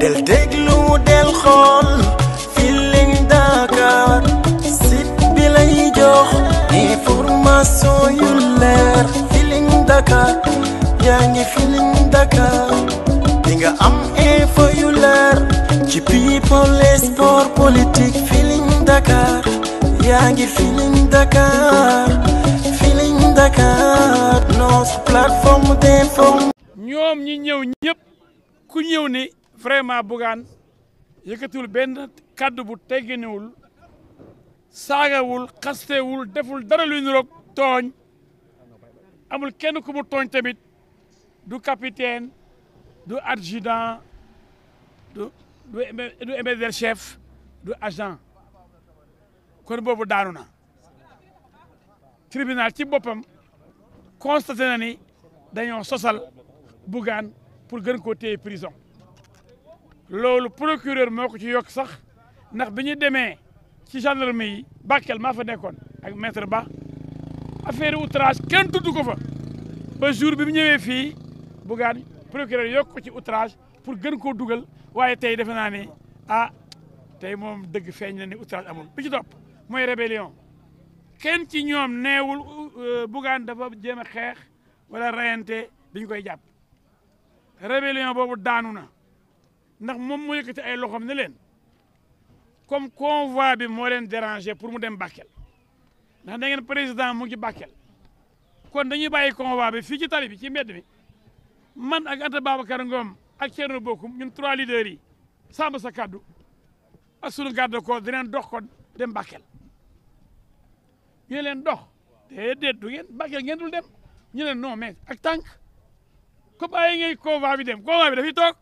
del del xool Feeling Dakar site bi lay jox yu leer Feeling Dakar yaa ngi Feeling Dakar di nga am info yu leer ci people et sport politique Feeling Dakar yaa ngi Feeling Dakar Feeling Dakar notre plateforme d'information ñoom ñi ñëw ñëpp ku ñëw ne vraiment Bougane yëkkatiwul benn kàddu bu tegginiwul saagawul xastewul deful dara luy niroog tooñ amul kenn ku mu tooñ tamit du capitaine du adjudant du du éméder chef du agent kon boobu daanu na tribunal ci boppam constaté na ni dañoo sosal Bougane pour gën koo téye prison loolu procureur moo ko ci yokk sax ndax bi ñu demee ci gendarme yi Bakel maa fa nekkoon ak maître Ba affaire outrage kenn tudd ko fa ba jour bi mu ñëwee fii Bougane procureur yokk ko ci outrage pour gën koo dugal waaye tey defe naa ne ah tey moom dëgg feeñ na ne outrage amul bi ci dopp mooy rébellion kenn ci ñoom neewul euh, Bougane dafa jéem a xeex wala rayante bi ñu koy jàpp rébellion boobu daanu na ndax moom moo yëkkati ay loxom ne leen comme convoi bi moo leen déranger pour mu dem Bakel ndax da ngeen président mu ngi Bakel kon dañuy bàyyi convoi bi fii ci tali bi ci mbedd mi man ak Anta Babacar Ngom ak Thierno Bokum ñun trois leaders yi sàmm sa kaddu ak sunu garde ko dinañ dox ko dem Bakel leen dox déedéet du ngeen Bakel ngeen dul dem ñu leen non mais ak tànk ko bàyyi ngay convoi bi dem convoi bi dafay toog.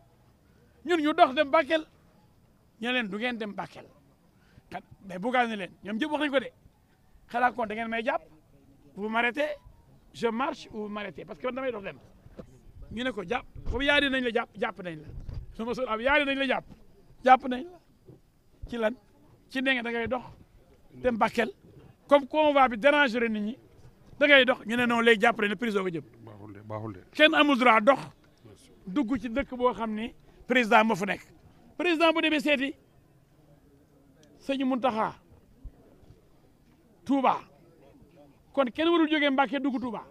ñun ñu dox dem Bakel ñu leen ngeen dem Bakel kat mais bugaani leen ñoom ñëpp wax nañu ko de xalaat kon da ngeen may jàpp vous m'arrêtez je marche ou vous parce que man damay dox dem ñu ne ko jàpp foofu yaari nañ jàpp jàpp nañ la su ma sol am yaari nañ la jàpp jàpp nañ ci lan ci ne nga da ngay dox dem Bakel comme convoi bi dérangeré nit ñi da ngay dox ñu ne noonu léegi jàpp nañ la prison ba jëm. baaxul de baaxul de kenn amul droit dox ci dëkk boo xam ni. président ma fu nekk président bu deme seeti sëñ Muntaxa Touba kon kenn warul jógee Mbàkke dugg Touba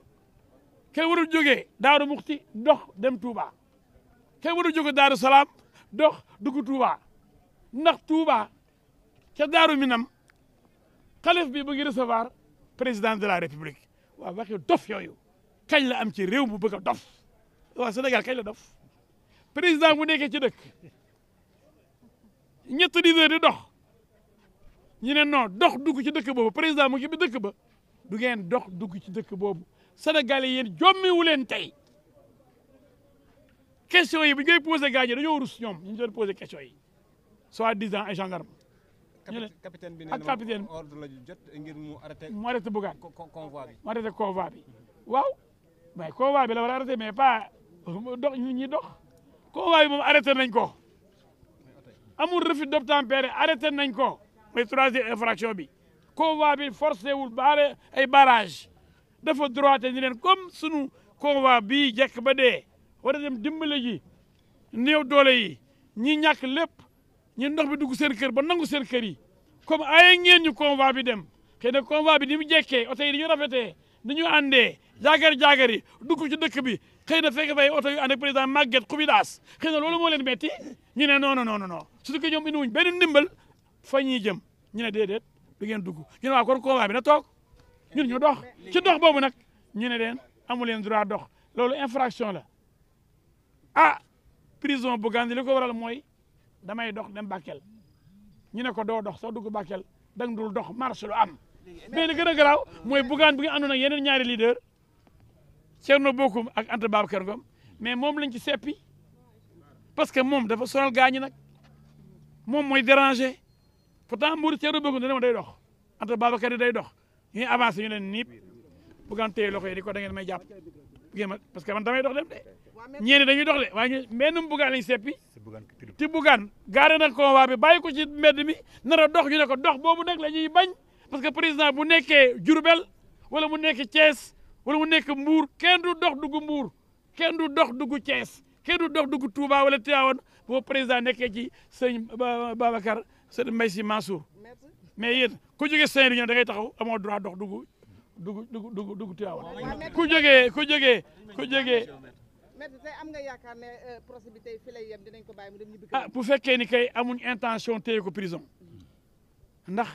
kenn warul jógee Daaru Muxti dox dem Touba kenn warul jógee Daaru Salaam dox dugg Touba ndax Touba ca Daaru Minam xalif bi bu ngi président de la République waa waxi dof yooyu kañ la am ci réew mu bëgg a dof waaw Sénégal kañ la dof président mu nekkee ci dëkk ñetti dix heures di dox ñu ne non dox dugg ci dëkk boobu président mu ngi dëkk ba du ngeen dox dugg ci dëkk boobu Sénégalais yéen jommiwu leen tey question yi bu ñu koy posé gars yi dañoo rus ñoom ñu doon posé question yi soi an ay gendarme capitaine bi ak capitaine bi ordre la jot ngir mu arrêté. mu arrêté bugaat convoi bi mu arrêté convoi bi waaw mais la war a arrêté mais pas dox ñu ñuy dox. convoi bi moom arrêté nañ ko amul refus d'obtempérer arrêté nañ ko mooy troisième infraction bi convoi bi forcé wul baare ay barrage dafa droité ni leen comme sunu convoi bii jekk ba dee war a dem dimbale ji néew doole yi ñi ñàkk lépp ñi ndox bi dugg seen kër ba nangu seen kër yi comme ay ngeen ñu convoi bi dem xëy na convoi bi ni mu jekkee oto yi dañu rafetee ni ñu àndee jaagari jaagari dugg ci dëkk bi xëy na fekk fay oto yu ànd ak président Maguette Koubidas xëy na loolu moo leen metti ñu ne non non non non surtout que ñoom indi wuñ benn ndimbal fa ñuy jëm ñu ne déedéet du ngeen dugg ñu waa kon convoi na toog ñun ñu dox ci dox boobu nag ñu ne leen amu leen droit dox loolu infraction la a ah, prison bu gandi li ko waral mooy damay dox dem Bakel ñu ne ko doo dox soo dugg Bakel dang dul dox marche lu am mais li gën a garaaw mooy bugaan bi nga àndoon ak yeneen ñaari leader Thierno Bocoum ak Anta Babacar Ngom mais moom lañ ci seppi parce que moom dafa sonal gaañi nag moom mooy déranger pourtant Mbour Thierno Bocoum dana ma day dox Anta Babacar yi day dox ñuy avancé ñu leen niip loxo yi di ko da ngeen may jàpp parce que man damay dox dem de ñeeni dañuy dox de waaye ñu mennum buggaan lañ seppi ti buggaan gaare na convoi bi bàyyi ko ci mbedd mi nar dox ñu ne ko dox boobu nag la ñuy bañ parce que président bu nekkee Diourbel wala mu nekk Thiès wala mu nekk mbuur kenn du dox dugg mbuur kenn du dox dugg Thiès kenn du dox dugg tuuba wala Tivaouane boo président nekkee ci sëñ Babacar sëñ Mbaye Sy Mansour mais yéen ku jógee Saint-Louis da ngay taxaw amoo droit dox dugg dugg dugg dugg dugg Tivaouane ku jógee ku jógee ku jógee maître tey am nga yaakaar ne euh, procès bi tey fi ko bàyyi mu dem ñibbi ah bu fekkee ni kay amuñ intention téye ko prison ndax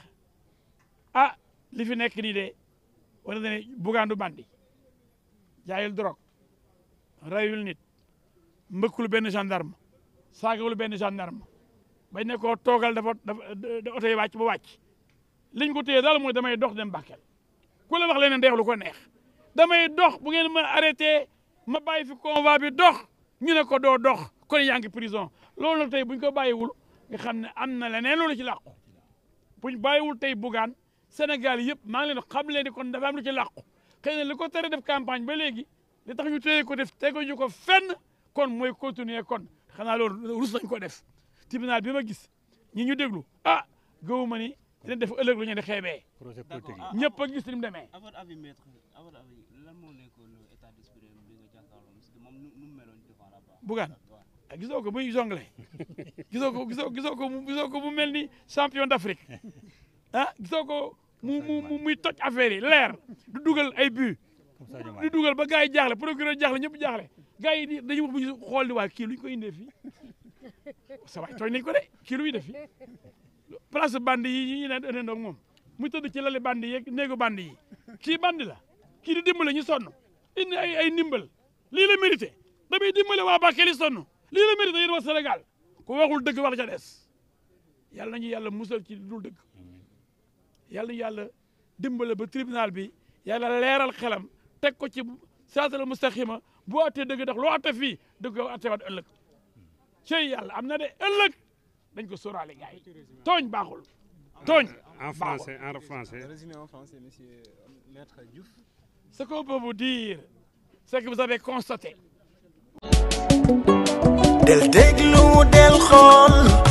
ah li fi nekk nii de wala ne bugaandu bandi jaayul drogue rayul nit mbëkkul benn gendarme saagawul benn gendarme bañ ne koo toogal dafa dafa oto yi wàcc ba wàcc liñ ko téye daal mooy damay dox dem Bakel ku la wax leneen deex lu ko neex damay dox bu ngeen ma arrêté ma bàyyi fi convoi bi dox ñu ne ko doo dox kon yaa ngi prison loolu nag tey buñ ko bàyyiwul nga xam ne am na leneen loolu ci làqu buñ bàyyiwul tey bugaan Sénégal yëpp maa ngi leen xam leen ni kon dafa am lu ci làqu xëy na li ko tere def campagne ba léegi li tax ñu téye ko def teguñu ko fenn kon mooy continuer kon xanaa loolu rus nañ ko def tribunal bi ma gis ñi ñu déglu a ah, gëwu ma ni dinañ def ëllëg lu ñu di xeebee. projet politique yi ñëpp a gis ni mu demee. avant avis maître lan moo nekkoon état d'esprit bi nga moom mu meloon devant la barre. Bougane ah, ko muy jongle gisoo ko gisoo gisoo ko mu gisoo ko mu mel ni champion d'Afrique ah gisoo ko. mu mu muy toj affaire yi leer du dugal ay but du dugal ba gars yi jaaxle procureur jaaxle ñëpp jaaxle gars yi dañuy wax bu ñu xool di waa kii lu ñu ko indee fii sa waay tooñ nañ ko de kii lu ñu def fii place bandi yi ñu ne ne doog moom muy tëdd ci lali bandi yeeg néegu bandi yi kii bandi la kii di dimbale ñu sonn indi ay ay ndimbal lii la mérité damay dimbale waa Bakel yi sonn lii la mérité yéen waa Sénégal ku waxul dëgg wax la ca des yàlla nañu yàlla musal ci dul dëgg yàlla yàlla dimbale ba tribunal bi yàlla leeral xelam teg ko ci saatal mustaxima bu attee dëgg ndax loo atte fii dëgg yow attewaat ëllëg cey yàlla am na de ëllëg dañ ko sóoraale gars yi tooñ baaxul tooñ en français en français résumé en français monsieur maître Diouf ce qu'on peut vous dire c'est que vous avez constaté del déglu del xool